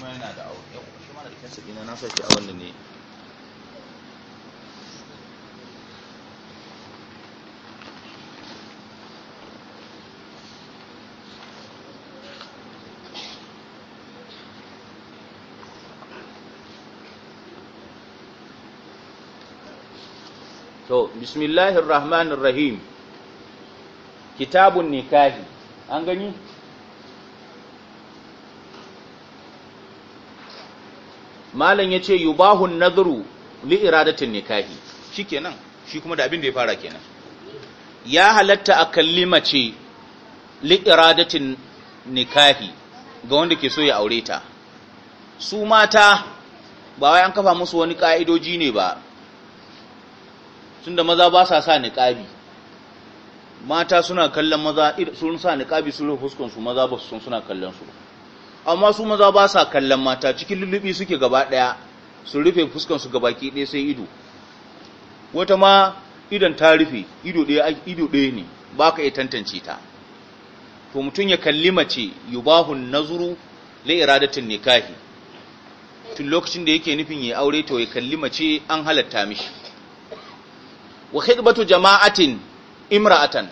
kuma yana da auri yau shi mana dukkan sabi na nasa ke abin da ne to bismillahir rahmanir rahim kitabun nikahi an gani malam ya ce yi bahun li iradatin nikahi shi nan, shi kuma da abin da ya fara kenan ya halatta a kalli mace li nikahi ga wanda ke so ya aure ta su mata ba wai an kafa musu wani ka'idoji ne ba tunda maza ba sa sa niqabi mata suna kallon maza sun sa niƙabi sun rufuskansu maza ba su sun suna kallon su ba amma su maza ba sa kallon mata cikin lullubi suke gaba ɗaya su rufe su fuskansu ki ɗaya sai ido wata ma idan ta rufe ido ɗaya ido ɗaya ne ba ka iya tantance ta to mutum ya kalli mace yubahu nazuru la iradatin nikahi tun lokacin da yake nufin ya aure to ya kalli mace an halatta mishi wa khidbatu jama'atin imra'atan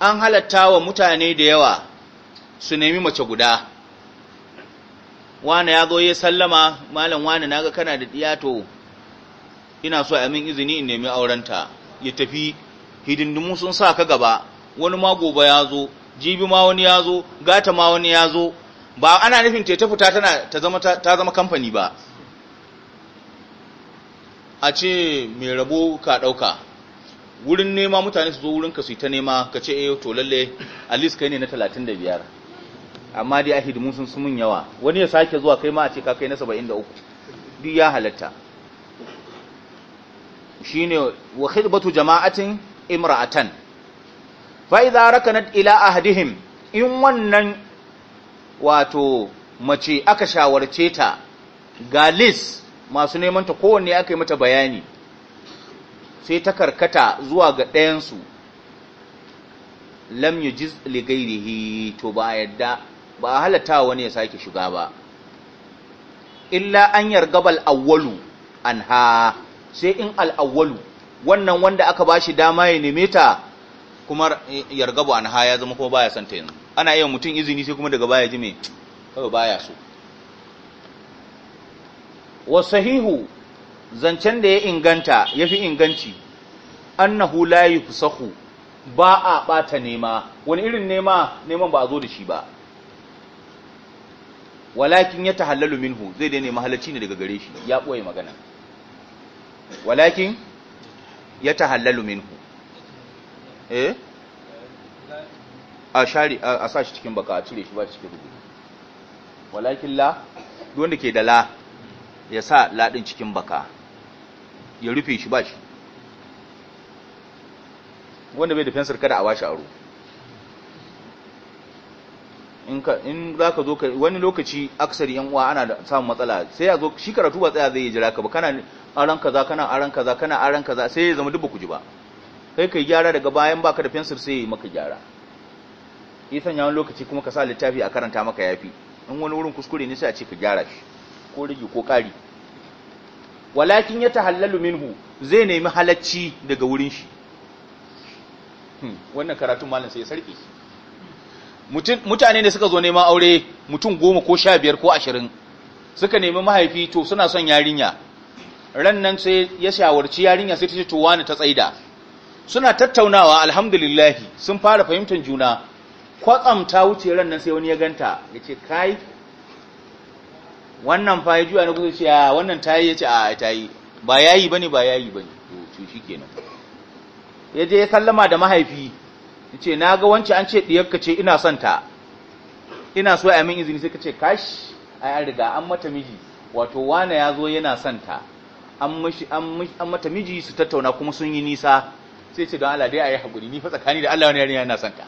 an halatta wa mutane da yawa su nemi mace guda wane ya zo ya sallama malam wane naga kana da diya to ina so a min izini in nemi aurenta ya tafi hidindimu sun sa ka gaba wani ma gobe ya zo jibi ma wani ya zo gata ma wani ya zo ba ana nufin ta fita tana ta zama ta zama kamfani ba a ce mai rabo ka ɗauka wurin nema mutane su zo wurin ka su ta nema ka ce eh to lalle at least kai ne na 35 amma dai a hidimu sun sumun yawa wani ya sake zuwa kai ma a ce ka na 73 duk ya halatta shine wa khidbatu jama'atin imra'atan fa idza rakanat ila ahadihim in wannan wato mace aka shawarce ta galis masu neman ta kowanne aka yi mata bayani sai ta karkata zuwa ga ɗayansu lam yujiz li gairihi to ba yadda ba a halatta wani ya sake shiga ba illa an yargabal awwalu anha sai in al-awwalu wannan wanda aka bashi dama ya neme ta kuma yargabu anha ya zama kuma baya santa yanzu ana yin mutum izini sai kuma daga baya ji me kawai baya so wa sahihu zancen da ya inganta yafi inganci annahu la yufsahu ba a bata nema wani irin nema neman ba a zo da shi ba walakin ya tahallalu minhu zai daina mahallaci ne daga gare shi ya ɓoye magana walakin ya tahallalu minhu eh a a sa shi cikin baka a cire shi ba shi cikin rubutu walakin la duk wanda ke da la ya sa la din cikin baka ya rufe shi ba shi wanda bai da fensir kada a a aro in za ka zo wani lokaci aksari yan uwa ana da samun matsala sai ya zo shi karatu ba tsaya zai yi jira ka ba kana aran kaza kana aran kaza kana aran kaza sai ya zama dubba ku ji ba ka yi gyara daga bayan baka da fensir sai ya yi maka gyara sanya wani lokaci kuma ka sa littafi a karanta maka yafi in wani wurin kuskure ne sai a ce ka gyara shi ko rage ko kari walakin ya tahallalu minhu zai nemi halacci daga wurin shi hmm, wannan karatun malam sai ya sarki mutane ne suka zo neman aure mutum goma ko sha biyar ko ashirin suka nemi mahaifi to suna son yarinya ran nan sai ya shawarci yarinya sai ta ce to wani ta tsaida suna tattaunawa alhamdulillahi sun fara fahimtar juna kwatsam ta wuce ran nan sai wani ya ganta ya ce kai wannan fa ya juya na kusa cewa wannan ta yi ya ce a ta yi ba yayi yi ba yayi ne to shi kenan ya je ya kallama da mahaifi yace na ga wance an ce diyarka ce ina son ta ina so a min izini sai ka ce kashi a an riga an mata miji wato wane ya zo yana son ta an mata miji su tattauna kuma sun yi nisa sai ce don al'adai a ayi hakuri ni tsakani da Allah wani yari yana son ta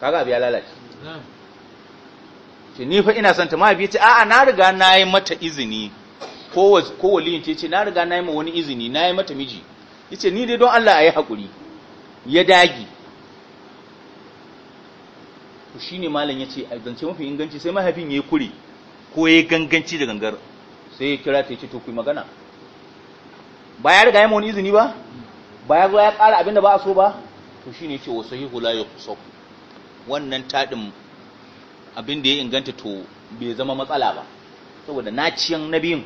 kaga ya lalace ce ni fa ina son ta biya ce a'a na riga na yi mata izini ko waliyin ce ce na riga na yi ma wani izini na yi mata miji yace ni dai don Allah ayi hakuri ya dagi to malin ya ce, a zance mafi inganci sai mahaifin ya yi kure ko ya yi ganganci da gangar sai ya kira ta ya ce to ku magana ba ya riga ya izini ba ba ya zo ya ƙara abinda ba a so ba to ne ce wa ya kusa yuqsab wannan taɗin abin da ya inganta to bai zama matsala ba saboda na na biyun.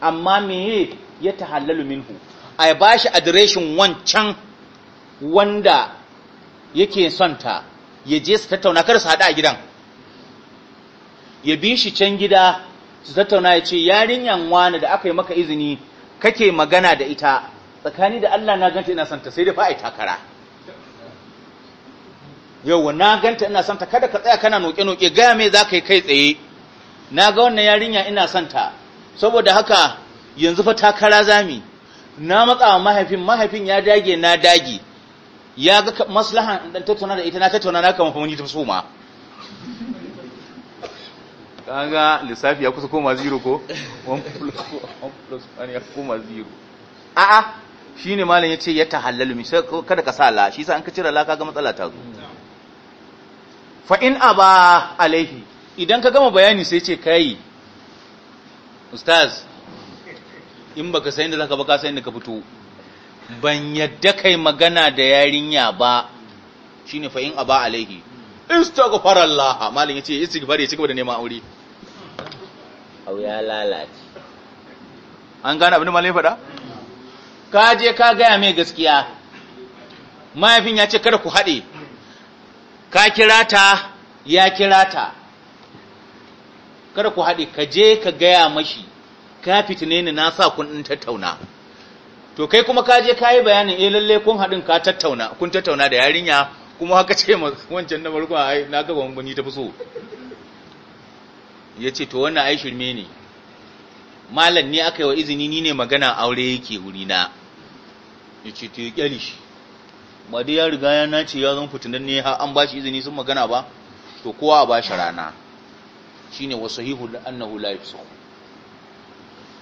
amma meye ya ta tahallalu minhu a bashi adireshin wancan wanda yake son ta ya je su tattauna kar su haɗu a gidan ya bi shi can gida su tattauna ya ce yarinyan wani da aka yi maka izini kake magana da ita tsakani da Allah na ganta ina son sai dai fa ai takara wa na ganta ina son kada ka tsaya kana noke-noke gaya mai za ka yi kai tsaye na ga wannan yarinya ina son saboda haka yanzu fa takara zami na matsawa mahaifin mahaifin ya dage na dage ya ga maslahan dan tattauna da ita na tattauna na kama fahimci ta so ma ga lissafi ya kusa koma zero ko 1+1 ya koma zero a'a shi malam malin ya tahallalu mi kada ka sa la shi sa an ka cire la ga matsala ta zo fa in aba alaihi idan ka gama bayani sai ce kai ustaz in baka san da zaka ba ka san da ka fito ban yadda kai magana da yarinya ba shi a ba a laihi alaihi istaghfarallah malin ce istighfar ya cigaba da neman aure au ya lalace an gane abin malin faɗa ka je ka gaya mai gaskiya mahaifin ya ce kada ku haɗe ka kira ta ya kira ta kada ku haɗe ka je ka gaya mashi ka fitine ni na sa kun tattauna to kai kuma ka je ka yi bayanin eh lalle kun hadin ka tattauna kun tattauna da yarinya kuma haka ce mu wancan na farko ai na ga gwani ta fi so ya ce to wannan ai shirme ne malam ne aka yi wa izini ni ne magana aure yake wuri na ya ce to ya kyali shi ba dai ya riga ya nace ya zan fitinan ne har an ba shi izini sun magana ba to kowa a ba shi rana shine wasahihu annahu la yafsahu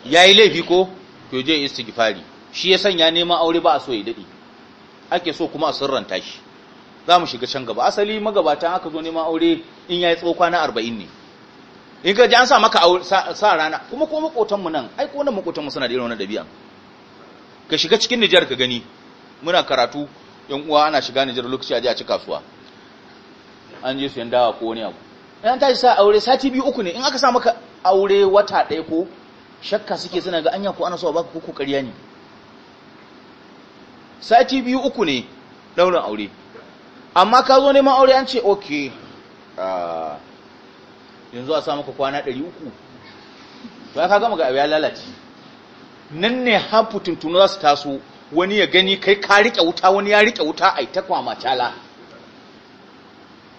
yayi laifi ko to je istighfari shi ya sanya neman aure ba a so ya daɗe ake so kuma a sirranta shi za mu shiga can gaba asali magabatan aka zo neman aure in ya yi tsawo kwana arba'in ne in ka ji an sa maka sa rana kuma ko makotanmu nan ai ko wannan makotanmu suna da irin wannan ɗabi'a. ka shiga cikin Nijar ka gani muna karatu yan uwa ana shiga Nijar lokaci a ji a ci kasuwa an je su yan dawa ko wani abu an tashi sa aure sati biyu uku ne in aka sa maka aure wata ɗaya ko shakka suke suna ga anya ko ana so a baka ko kokariya ne sati biyu uku ne daurin aure amma ka zo neman aure an ce ok yanzu a sa maka kwana 300 ba ka gama ga abu ya lalace nan ne har fitintunu za su taso wani ya gani kai ka rike wuta wani ya rike wuta a ita kwama cala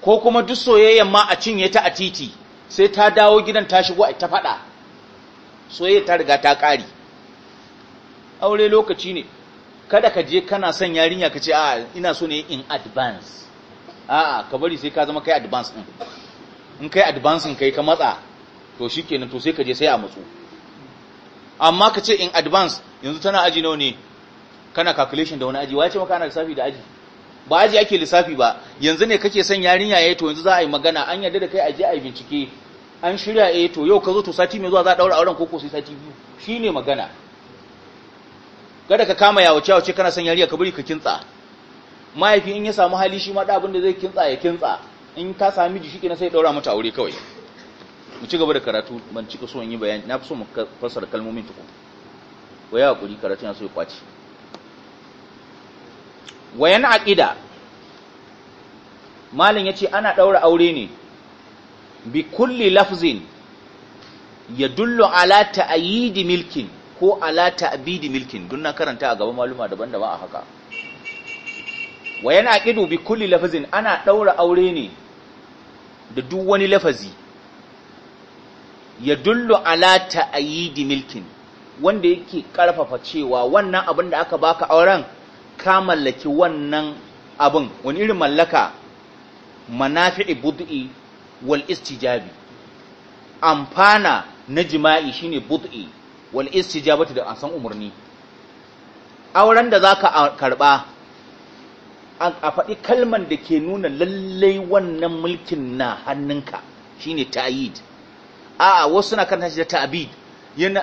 ko kuma duk soyayyen ma a cinye ta a titi sai ta dawo gidan ta shigo a ta faɗa soyayya ta riga ta ƙari aure lokaci ne kada ka je kana son yarinya ka ce a ina so ne in advance a'a ka bari sai ka zama kai advance din in kai advance kai ka matsa to shikenan to sai ka je sai a matsu amma ka ce in advance yanzu tana aji nawa ne kana calculation da wani aji wace maka ana lissafi da aji ba aji ake lissafi ba yanzu ne kake son yarinya yayi eh, to yanzu za a yi magana an yarda da kai aje a yi bincike an shirya eh to yau ka zo to sati mai zuwa za a daura auren koko sai sati biyu shine magana kada ka kama cewa ce kana son yariya ka bari ka kintsa mahaifi in ya samu hali shi ma da abin da zai kintsa ya kintsa in ka sami ji na sai daura mata aure kawai mu ci gaba da karatu ban cika so in yi bayani na fi so mu fassara kalmomin tukun wa ya hakuri karatu na so ya kwaci wayan aqida malin yace ana daura aure ne bi kulli lafzin yadullu ala ta'yid milkin ko ala ta'bidi milkin duk na karanta a gaban maluma daban-daban a haka wa yana kidu bi kulli lafazin ana daura aure ne da duk wani lafazi ya dullu ala ta'yidi milkin wanda yake karfafa cewa wannan abin da aka baka auren ka mallaki wannan abin wani irin mallaka manafi'i bud'i wal istijabi amfana na jima'i shine bud'i wal istijabatu da san umarni auren da zaka karba a faɗi kalman da ke nuna lallai wannan mulkin na hannunka shine ta'id a wasu na kanta shi da ta'bid yana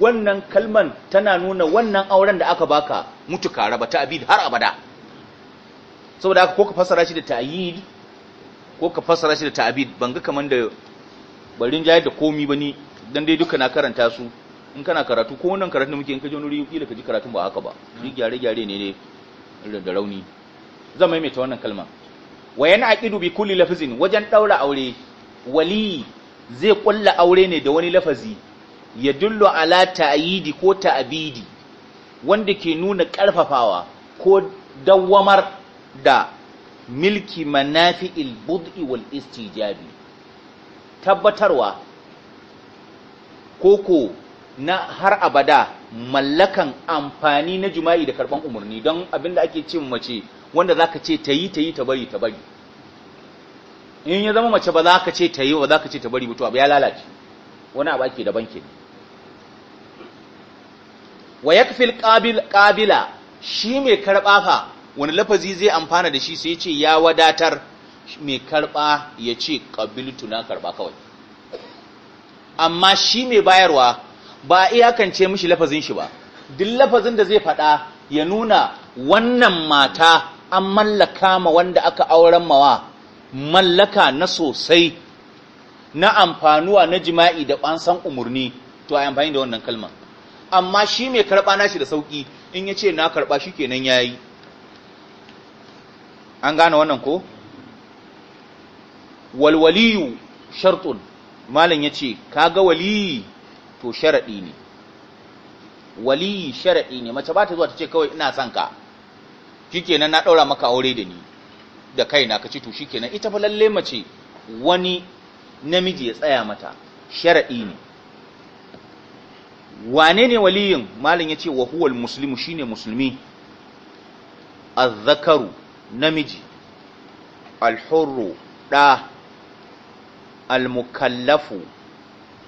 wannan kalman tana nuna wannan auren da aka baka mutuka raba ta'bid har abada saboda haka ko ka fassara shi da ta'yid ko ka fassara shi da ta'bid ban ga kaman da barin jayar da komi ni, dan dai duka na karanta su in kana karatu ko wannan karatu da muke in ka je wani kila ka ji karatu ba haka ba shi gyare gyare ne ne da rauni zan maimaita wannan kalma wa aqidu bi kulli lafzin wajen daura aure wali zai kulla aure ne da wani lafazi ya dullo ala ta'yidi ko ta'bidi wanda ke nuna karfafawa ko dawwamar da milki manafi'il bud'i wal istijabi tabbatarwa koko na har abada mallakan amfani na jima'i da karban umarni don abin da ake cin mace wanda zaka ce ta yi ta yi ta bari ta bari in ya zama mace ba za ka ce ta yi ba za ka ce ta bari mutuwa ba ya lalace wani abu ake daban ke wa ya kafin kabila shi mai karba fa wani lafazi zai amfana da shi sai ya ce ya wadatar mai karba ya ce qabiltu na karba kawai amma shi mai bayarwa ba iyakance mishi lafazin shi ba duk lafazin da zai faɗa ya nuna wannan mata an mallaka ma wanda aka auren mawa mallaka na sosai na amfanuwa na jima'i da ɓansan umarni to a amfani da wannan kalmar amma shi mai karɓa nashi da sauƙi in ya ce na karɓa shi kenan ya yi an gane wannan ko walwaliyu shartun malam ya ce kaga waliyi to sharaɗi ne waliyi sharaɗi ne mace ba ta zuwa ta ce kawai ina son ka shikenan na ɗaura maka aure da ni da kaina ka ci to shikenan ita fa lalle mace wani namiji ya tsaya mata sharaɗi ne wane ne waliyin malin ya ce wa huwal shi shine musulmi azzakaru namiji alhurru ɗa almukallafu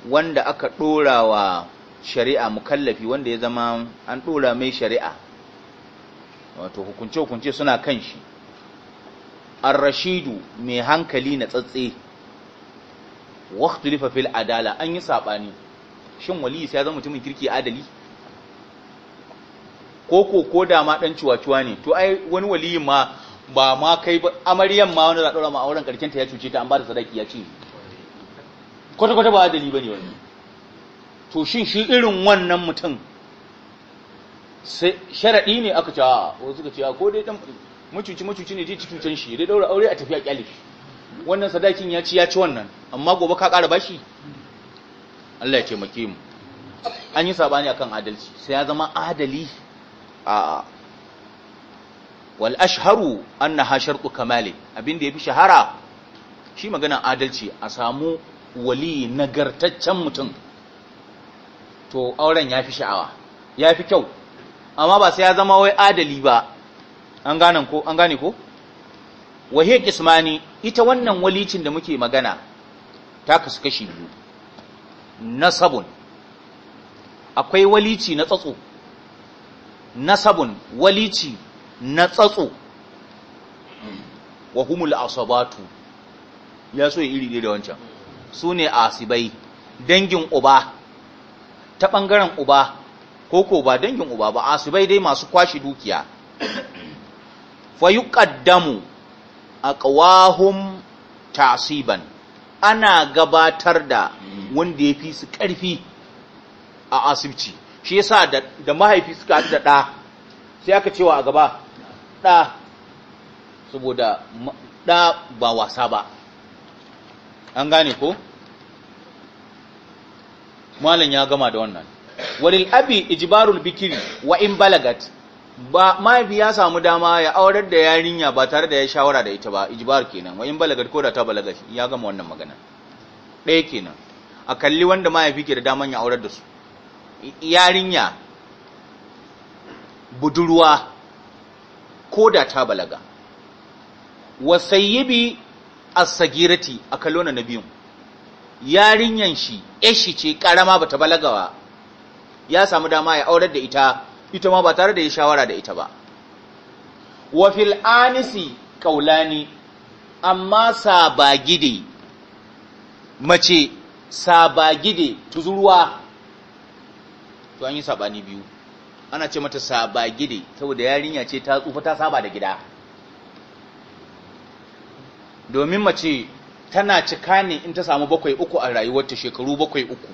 wanda aka ɗora wa shari'a mukallafi wanda ya zama an ɗora mai shari'a wato hukunce-hukunce suna kan shi an rashidu mai hankali na tsatse waqtulifa fil adala an yi saɓani. shin wali sai ya zama mutumin kirki adali ko ko ko da ma dan ciwaciwa ne to ai wani waliyi ma ba ma kai ba amaryan ma wani za a ma auren ya cuce ta an ba da sadaki ya ce kwata-kwata ba adali ba ne wani to shin shi irin wannan mutum sharaɗi ne aka ce a wasu suka ce ko dai ɗan mucuci mucuci ne je cikin can shi dai ɗaura aure a tafiya ƙyale wannan sadakin ya ci ya ci wannan amma gobe ka ƙara bashi Allah ya ce maki mu an yi sabani akan adalci sai ya zama adali a wal ashharu annaha shartu kamali abinda fi shahara shi magana adalci a samu wali nagartaccen mutum to auren ya fi sha'awa ya fi kyau amma ba sai ya zama wai adali ba an gane ko an gane ko ita wannan walicin da muke magana ta kasu kashi biyu nasabun akwai walici na tsatso nasabun walici na tsatso wa humul asabatu ya so iri ɗaya da wancan su ne asibai dangin uba ta ɓangaren uba ko ko ba dangin uba ba asibai dai masu kwashi dukiya fa a ƙawahun tasiban ana gabatar da wanda ya fi su ƙarfi a asibci shi yasa da, da mahaifi suka da ɗa sai aka cewa a gaba ɗa saboda ɗa ba wasa ba an gane ko malam ya gama da wannan walil abi ijbarul bikiri wa in balagat ba mahaifi ya samu dama ya aurar da yarinya ba tare da ya shawara da ita ba ijbar kenan wa in balagat ko da ta balaga ya gama wannan magana ɗaya kenan a kalli wanda mahaifi ke da daman ya aurar da su yarinya budurwa ko da ta balaga wasayyibi as-sagirati a kalona na biyun yarinyan shi eshi ce karama bata balaga ba ya samu dama ya aurar da ita ita ma ba tare da ya shawara da ita ba wa fil anisi qaulani amma sabagide mace sabagide tuzurwa, to an yi sabani biyu ana ce mata sabagide saboda yarinya ce ta tsufa ta saba da gida domin mace tana cika ne in ta samu bakwai uku a rayuwarta shekaru bakwai uku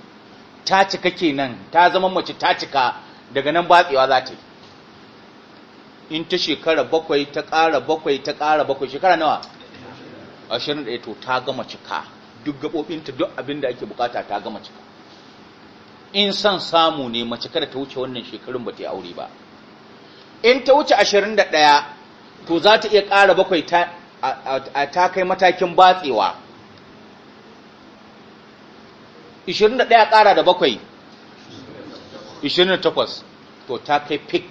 ta cika kenan ta zama mace ta cika daga nan batsewa za ta yi in ta shekara bakwai ta ƙara bakwai ta ƙara bakwai shekara nawa ashirin ɗaya to ta gama cika duk gaɓoɓinta duk abin da ake bukata ta gama cika in son samu ne mace kada ta wuce wannan shekarun ba ta yi aure ba in ta wuce ashirin da ɗaya to za ta iya ƙara bakwai ta kai matakin batsewa 21 ƙara da bakwai 28 to ta kai fik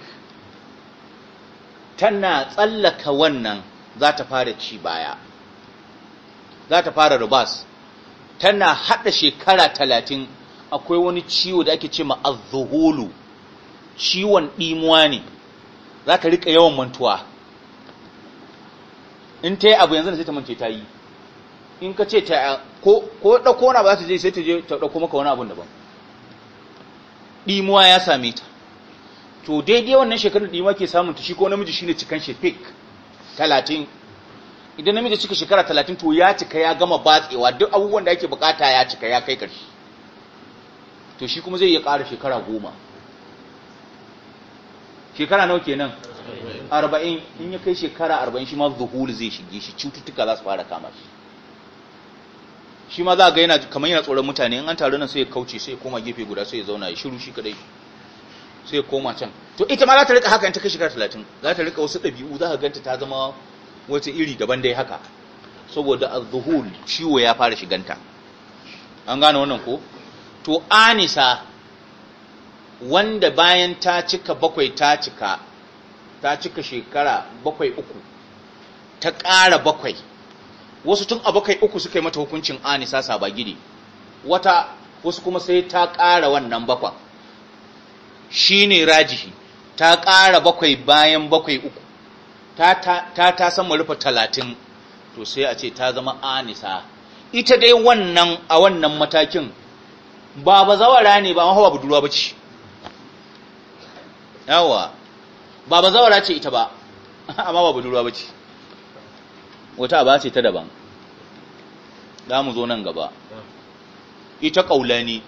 tana tsallaka wannan za ta fara ci baya za ta fara rubas tana haɗa shekara talatin akwai wani ciwo da ake ce ma'azzuhulu ciwon ɗimuwa ne za ka riƙa yawan mantuwa in ta yi abu yanzu da sai ta mance ta yi in ka ce ta ko ɗauko wani abu za ta je sai ta je ta ɗauko maka wani abun daban ɗimuwa ya same ta to daidai wannan shekarun ɗimuwa ke samun ta shi ko namiji shine cikan shefik talatin idan namiji cika shekara talatin to ya cika ya gama batsewa duk abubuwan da ake bukata ya cika ya kai ƙarshe to shi kuma zai iya ƙara shekara goma shekara nawa kenan arba'in in ya kai shekara arba'in shi ma zuhul zai shige shi cututtuka za su fara kama shi shi ma za ga yana kamar yana tsoron mutane in an taru nan sai ya kauce sai ya koma gefe guda sai ya zauna ya shiru shi kadai sai ya koma can to ita ma za ta rika haka in ta kai shekara talatin za ta rika wasu ɗabi'u za ka ganta ta zama wata iri daban dai haka saboda az-zuhul ciwo ya fara shiganta an gane wannan ko to anisa wanda bayan ta cika bakwai ta cika ta cika shekara bakwai uku ta ƙara bakwai wasu tun a bakwai uku suka yi mata hukuncin anisa gidi wata wasu kuma sai ta ƙara wannan bakwan shi ne rajihi ta ƙara bakwai bayan bakwai uku ta ta, san sama rufe talatin to sai a ce ta zama anisa ita dai wannan a wannan matakin ba ba zawara ne ba mahawa budurwa ba ce yawa ba zawara ce ita ba amma ba ba ce wata ba ce ta daban za mu zo nan gaba ita kaulani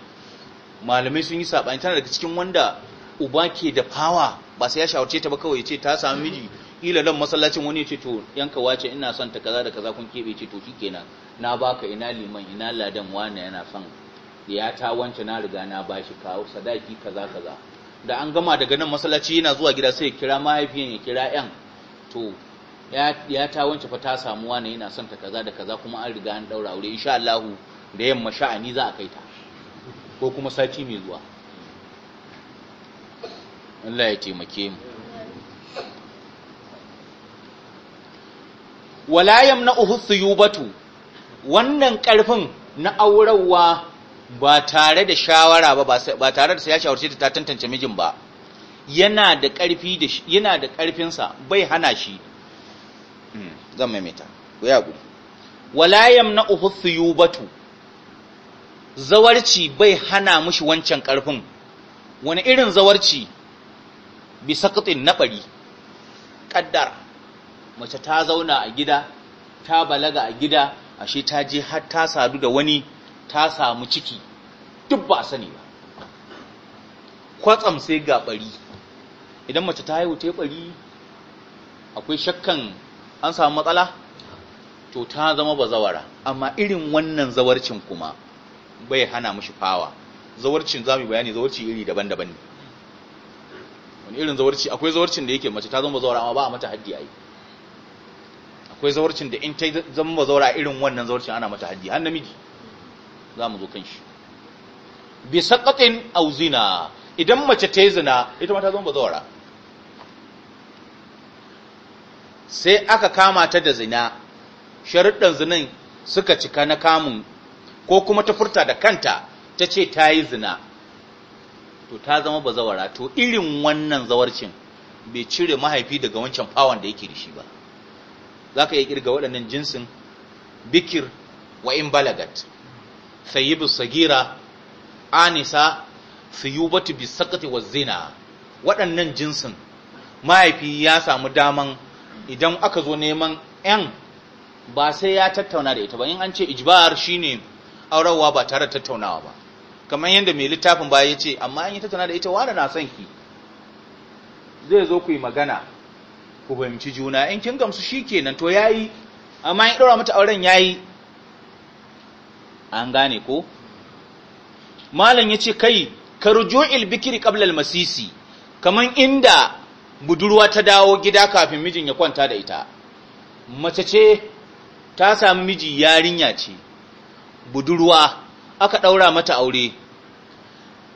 malamai sun yi saɓani tana daga cikin wanda uba ke da fawa ba sai ya shawarce ta ba kawai ce ta sami miji ila nan masallacin wani ya ce to yanka wace ina son ta kaza da kaza kun kebe ce to shikenan na baka ina liman ina ladan wani yana son ya ta wance na riga na bashi kawo sadaki kaza kaza da an gama daga nan masallaci yana zuwa gida sai ya kira mahaifiyan ya kira yan to ya ta wance fa ta samu wani yana son ta kaza da kaza kuma an riga an daura aure insha Allah da yamma sha'ani za a kai ta ko kuma sati mai zuwa Allah ya taimake mu wala yamna'uhu thuyubatu wannan karfin na aurawa ba tare da shawara ba ba tare da ya shawarce ta tantance mijin ba yana da ƙarfi da yana da ƙarfinsa bai hana shi hmm, zan maimaita ku ya gudu wala yamna'uhu thiyubatu zawarci bai hana mushi wancan ƙarfin wani irin zawarci bi saqtin nafari kaddara mace ta zauna a gida ta balaga a gida ashe ta je har ta sadu da wani ta samu ciki duk ba sani ba kwatsam sai ga bari idan mace ta haihu ta bari akwai shakkan an samu matsala to ta zama bazawara amma irin wannan zawarcin kuma bai hana mishi fawa zawarcin zamu bayani zawarci iri daban-daban ne wani irin zawarci akwai zawarcin da yake mace ta zama bazawara amma ba a mata haddi ai akwai zawarcin da in ta zama bazawara irin wannan zawarcin ana mata haddi har namiji za mu zo kan shi bi saqatin aw zina idan mace ta yi zina ita ma ta zama bazawara sai aka kama ta da zina sharuɗan zinin suka cika na kamun ko kuma ta furta da kanta ta ce ta yi zina to ta zama bazawara to irin wannan zawarcin bai cire mahaifi daga wancan fawon da yake da shi ba za ka iya kirga waɗannan jinsin bikir wa in balagat sayyibu sagira anisa suyubatu sakati wa zina waɗannan jinsin mahaifi ya samu daman idan aka zo neman yan ba sai ya tattauna da ita ba in an ce ijbar shine aurawa ba tare da tattaunawa ba kamar yadda mai littafin baya ya ce amma an yi tattauna da ita wani na son ki zai zo ku yi magana ku fahimci juna in kin gamsu shi kenan to yayi amma in ɗora mata auren yayi an gane ko malam yace kai karju'il bikri qabla al-masisi kaman inda budurwa ta dawo gida kafin mijin ya kwanta da ita mace ce ta sami miji yarinya ce budurwa aka daura mata aure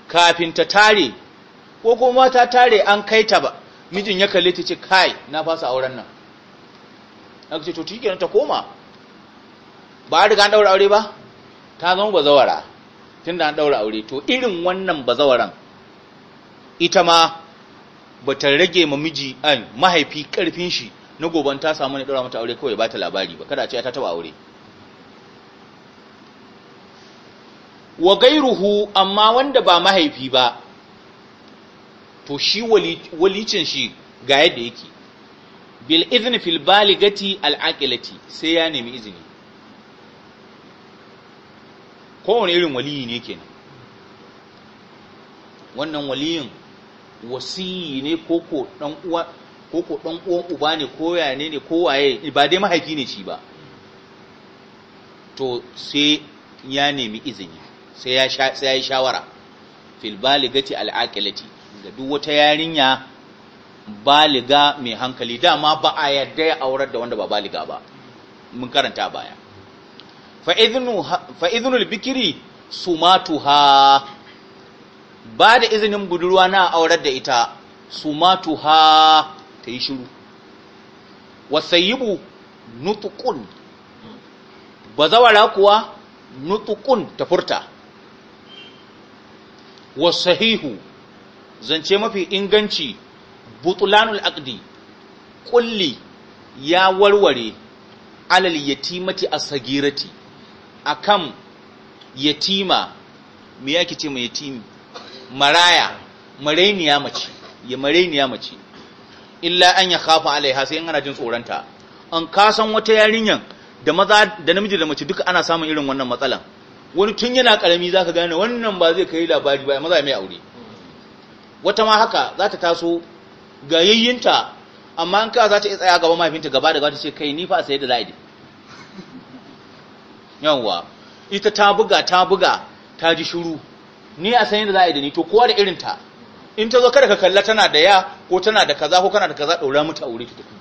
kafin ta tare ko kuma ta tare an kai ta ba mijin ya kalle ta ce kai na fasa auren nan aka ce to na ta koma ba riga an daura aure ba ta zama bazawara tunda an ɗaura aure to irin wannan bazawaran ita ma bata rage ma miji an mahaifi ƙarfin shi na goban ta samu ne ɗaura mata aure kawai ba ta labari ba kada ce ta taba aure wa gairuhu amma wanda ba mahaifi ba to shi walicin shi ga yadda yake bil izni fil baligati al aqilati sai ya nemi izini kowane irin waliyi ne nan, wannan waliyin wasiyi ne koko dan uwa uwan uba ne ko ya ne ko waye ba dai mahaifi ne shi ba to sai ya nemi izini sai ya yi shawara filbaligati baligati al ga duk wata yarinya baliga mai hankali dama ba a yadda ya aurar da wanda ba baliga ba mun karanta baya fa su matu ha ba da izinin budurwa na aurar da ita su ha ta yi shiru wasayibu nutukun zawara kuwa nutukun ta furta wasahihu zance mafi inganci butulanul aqdi kulli ya warware alal yatimati a sagirati akan yatima me yake ce mai yatimi maraya marainiya mace ya marainiya mace illa an ya khafa alaiha sai ana jin tsoranta an kasan wata yarinyan da maza da namiji da mace duka ana samun irin wannan matsalan wani tun yana karami zaka gane wannan ba zai kai labari ba maza mai aure wata ma haka za ta taso ga yayyinta amma an ka za ta tsaya gaba mahaifinta gaba da gaba ta ce kai ni fa sai da zaidi yawwa ita ta buga ta buga ta ji shiru ni a san da za a yi da ni to kowa da irin ta in ta zo kada ka kalla tana da ya ko tana da kaza ko kana da kaza daura mata aure ki tafi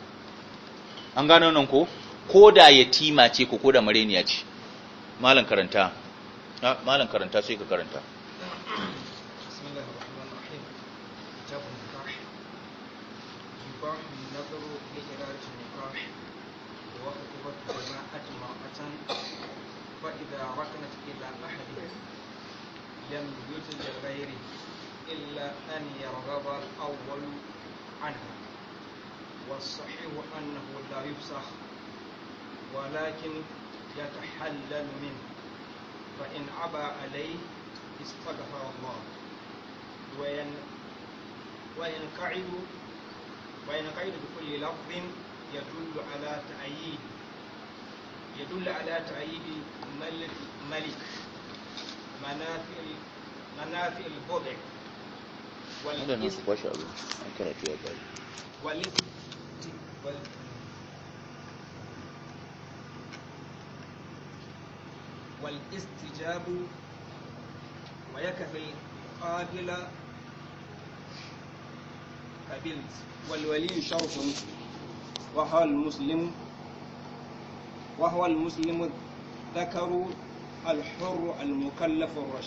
an gano nan ko ko da yatima ce ko ko da mareniya ce malam karanta ah, malam karanta sai ka karanta لم يجز لغيره إلا أن يرغب الأول عنها والصحيح أنه لا يفسخ ولكن يتحلل منه فإن عبى عليه استغفر الله وين وينقعد وينقعد بكل لفظ يدل على تأييد يدل على تأييد ملك ملك منافع البضع والاستجاب ويكفي القابل قبلت والولي شرط وهو المسلم وهو المسلم ذكروا الحر المكلف الرشيد